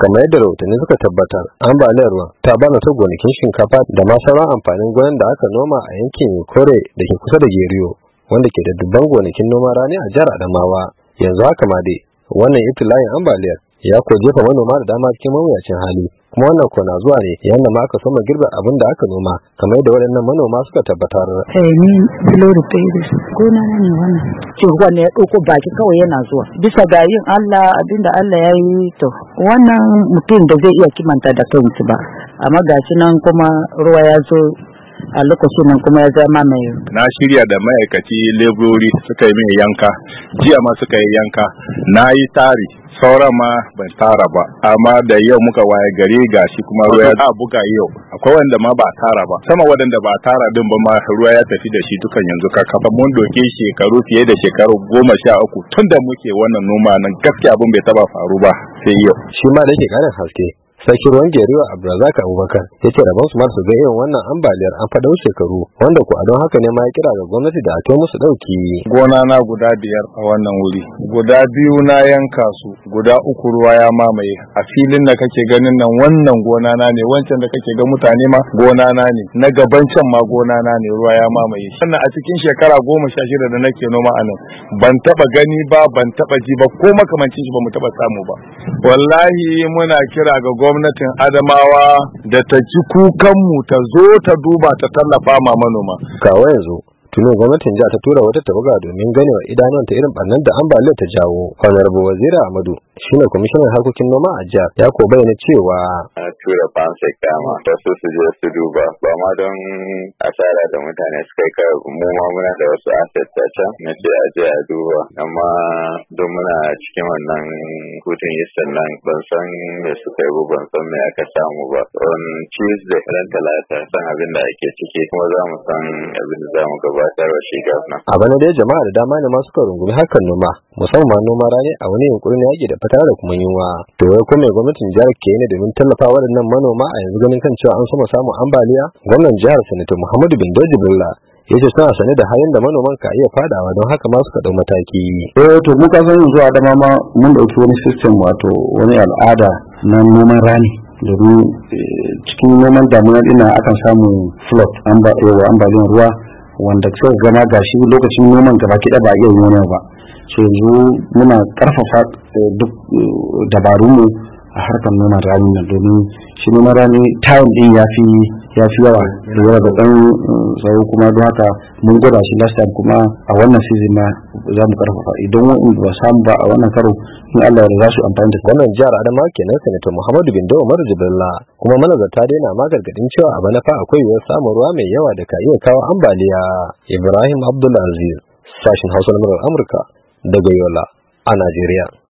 kamar yadda rahotanni suka tabbatar ambaliyar ruwa ta bana ta gonakin shinkafa da ma sauran amfanin gonan da aka noma a yankin kore da ke kusa da geriyo wanda ke da dubban gonakin noma rani a jihar adamawa yanzu haka ma dai wannan itilayin ambaliyar ya ko jefa manoma da dama cikin mawuyacin hali kuma wannan ko na zuwa ne yayin ma aka soma girbe abin da aka noma kamar yadda waɗannan manoma suka tabbatar. Eh ni Glory Davis gona na ne wannan. ce wannan ya ɗauko baki kawai yana zuwa bisa ga yin Allah abin da Allah ya yi to wannan mutum da zai iya kimanta da kansu ba amma shi nan kuma ruwa ya zo a lokacin nan kuma ya zama mai na shirya da ma'aikaci lebrori suka yi mai yanka jiya ma suka yi yanka na yi tari saura ma ban tara ba amma da yau muka waye gari shi kuma ruwa ya buga yau akwai wanda ma ba tara ba sama wadanda ba tara din ba ma ruwa ya tafi da shi dukan yanzu ka kafa mun doke shekaru fiye da shekaru goma sha uku tun da muke wannan noma nan gaskiya abin bai taba faru ba sai yau shi ma da yake haske sarki ruwan geriwa abdulrazak abubakar ya ce rabon su ma su ga irin wannan ambaliyar an faɗa shekaru wanda ku a don haka ne ma ya kira ga gwamnati da a kai musu ɗauki. gona na guda biyar a wannan wuri guda biyu na yanka su guda uku ruwa ya mamaye a filin da kake ganin nan wannan gona na ne wancan da kake ga mutane ma gona na ne na gaban can ma gona na ne ruwa ya mamaye wannan a cikin shekara goma sha shida da nake noma a nan ban taɓa gani ba ban taɓa ji ba ko makamancin shi ba mu taɓa samu ba wallahi muna kira ga gwamnati gwamnatin adamawa da ta ci kukanmu ta zo ta duba ta tallafa ma manoma kawo yanzu tuno gwamnatin jiya ta tura wata buga domin ganewa ta irin bannan da ambaliyar ta jawo honorable wazira amadu shine kwamishinan harkokin noma a jihar ya ko bayyana cewa a tura fansa kama ta su su je su duba ba ma don asara da mutane suka yi mu ma muna da wasu asset ta can na ce a je a duba amma don muna cikin wannan hutun yistan nan ban san me suka yi ban san me aka samu ba on tuesday ran talata san abin da ake ciki kuma za mu san abin da za mu gabatar wa shi gafna a bana dai jama'a da dama ne ma suka rungumi hakan noma musamman noma rani a wani yunkuri na yaki da Tare da kuma yunwa to wai kuma mai gwamnatin jihar ke ne domin tallafa waɗannan manoma a yanzu ganin kan cewa an sama samun ambaliya gwamnan jihar sanata muhammadu bin doji bulla ya ce suna sane da halin da manoman ka iya fadawa don haka ma suka ɗau mataki. eh to mu kasan yanzu a dama ma mun ɗauki wani system wato wani al'ada na noman rani domin eh, cikin noman damuna ɗina akan samu flood ambaliyan ruwa wanda suka gana gashi lokacin noman gaba kiɗa ba iya noma ba so yanzu muna karfafa eh, duk eh, dabarunmu a harkar noman rani na domin shi noman rani tayin ɗin ya fi ya fi yawa lura da ɗan eh, tsaro kuma don haka mun gwada shi last time kuma a wannan season ma za mu karfafa idan wani ba samu ba a wannan karo in Allah ya za su amfani da wannan jihar Adamawa kenan sanata Muhammadu Bindo, Dawo Umar Jibrilla kuma manazarta dai na magargadin cewa a bana fa akwai yiwuwar samun ruwa mai yawa da ka iya kawo ambaliya Ibrahim Abdul Aziz sashin Hausa na Amurka daga Yola a Najeriya